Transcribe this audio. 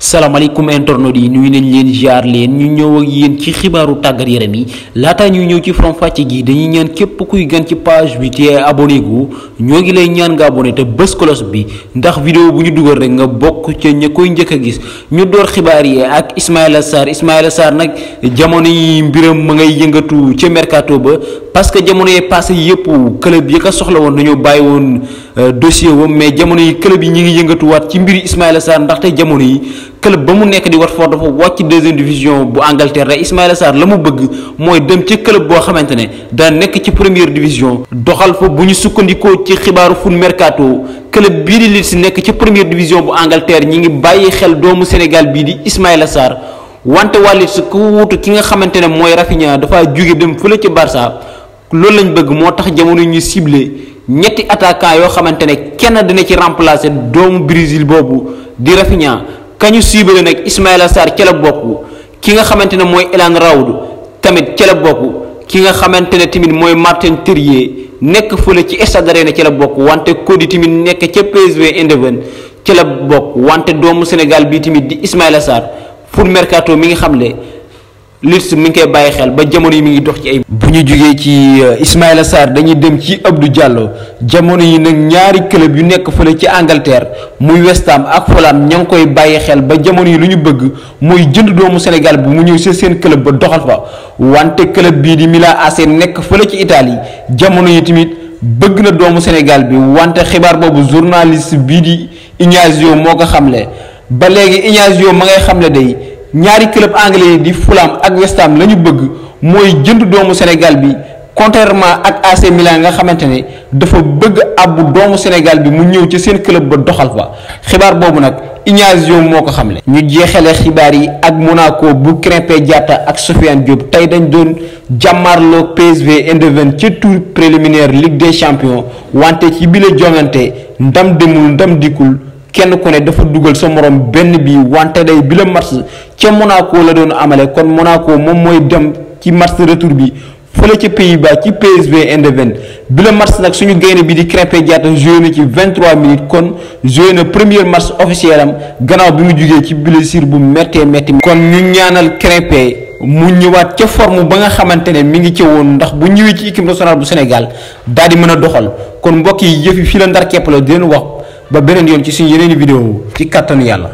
salaamaaleykum internet yi nuyu nañ leen jaar leen ñu ñëw ak yéen ci xibaaru tàggat yere yi laataa ñuy ñëw ci faram-fàcce gi dañuy ñaan képp kuy gan ci page bi te abonné gu ñoo ngi lay ñaan nga abonné te bës kolos bi ndax vidéo bu ñu dugal rek nga bokk ca ña koy njëkk a gis ñu door xibaar yi ak Ismaïla Sarr Ismaïla Sarr nag jamono yi mbiram ma ngay yëngatu ca mercato ba parce que jamono yee passé yëpp club yi ka soxla woon dañoo bàyyi woon. Euh, dossier wam mais jamono yi club yi ñu ngi yëngatuwaat ci mbiri Ismaïla Sarr ndaxte jamono yi club ba mu nekk di Watford dafa wàcc deuxième division bu Angleterre rek Ismaïla Sarr la mu bëgg mooy dem ci club boo xamante ne daa nekk ci première division doxal fa bu ñu sukkandikoo ci xibaaru Foot Mercato club bii di si nekk ci première division bu Angleterre ñi ngi bàyyi xel doomu Sénégal bii di Ismaïla Sarr wante waa Leeds ku wuutu ki nga xamante ne mooy Raphinha dafa jóge dem fële ci Barça loolu lañ bëgg moo tax jamono ñu ciblé ñetti attaquant yoo xamante ne kenn dina ci remplacer doomu Brésil boobu di Rafinha kañu siibale nag Ismaïla Sarr ca la bokk ki nga xamante ne mooy Elan Raoud tamit ca la bokk ki nga xamante ne tamit mooy Martin Terrier nekk fële ci Stade Rennais ca bokk wante Kody tamit nekk ca PSV Eindhoven ca bokk wante doomu Sénégal bi tamit di Ismaïla Sarr Foot Mercato mi ngi xamle Lils mi ngi koy bàyyi xel ba jamono yi mi ngi dox ci ay. bu ñu jógee ci euh, Ismaïla Sarr dañuy dem ci Abdou Diallo jamono yi nag ñaari club yu nekk fële ci Angleterre muy West ak Fulham ña ngi koy bàyyi xel ba jamono yi lu ñu bëgg mooy jënd doomu Sénégal bi mu ñëw si seen club ba doxal fa wante club bii di Milan AC nekk fële ci Italie jamono yi tamit bëgg na doomu Sénégal bi wante xibaar boobu journaliste bii di Ignazio moo ko xamle ba léegi Ignazio ma ngay xamle day. ñaari club anglais yi di Fulham ak West Ham la ñu bëgg mooy jënd doomu Sénégal bi contrairement ak AC Milan nga xamante ne dafa bëgg abbu doomu Sénégal bi mu ñëw ci seen club ba doxal fa xibaar boobu nag Ignacio moo ko xam ne ñu jeexale xibaar yi ak Monaco bu Krépin Diatta ak Sofiane Diop tey dañ doon jàmmarloo PSV Eindhoven ca tour préliminaire Ligue des Champions wante ci bile jongante ndam demul ndam dikkul. kenn ku ne dafa dugal sa morom benn bi wante day bi la match ca Monaco la doon amale kon Monaco moom mooy dem ci match retour bi fële ci Pays-Bas ci PSV Eindhoven bi la match nag suñu gaynde bi di Krépin Diatta joué na ci 23 minutes kon joué premier match officiel am gannaaw bi mu jugee ci blessure bu méttee métti. kon ñu ñaanal Krépin mu ñëwaat ca forme ba nga xamante ne mi ngi ca woon ndax bu ñëwee ci équipe nationale bu Sénégal daal di mën a doxal kon mbokk yi yëf yi la ndar képp la di wax. ba beneen yoon ci suñu yeneen i vidéo ci kàttanu yàlla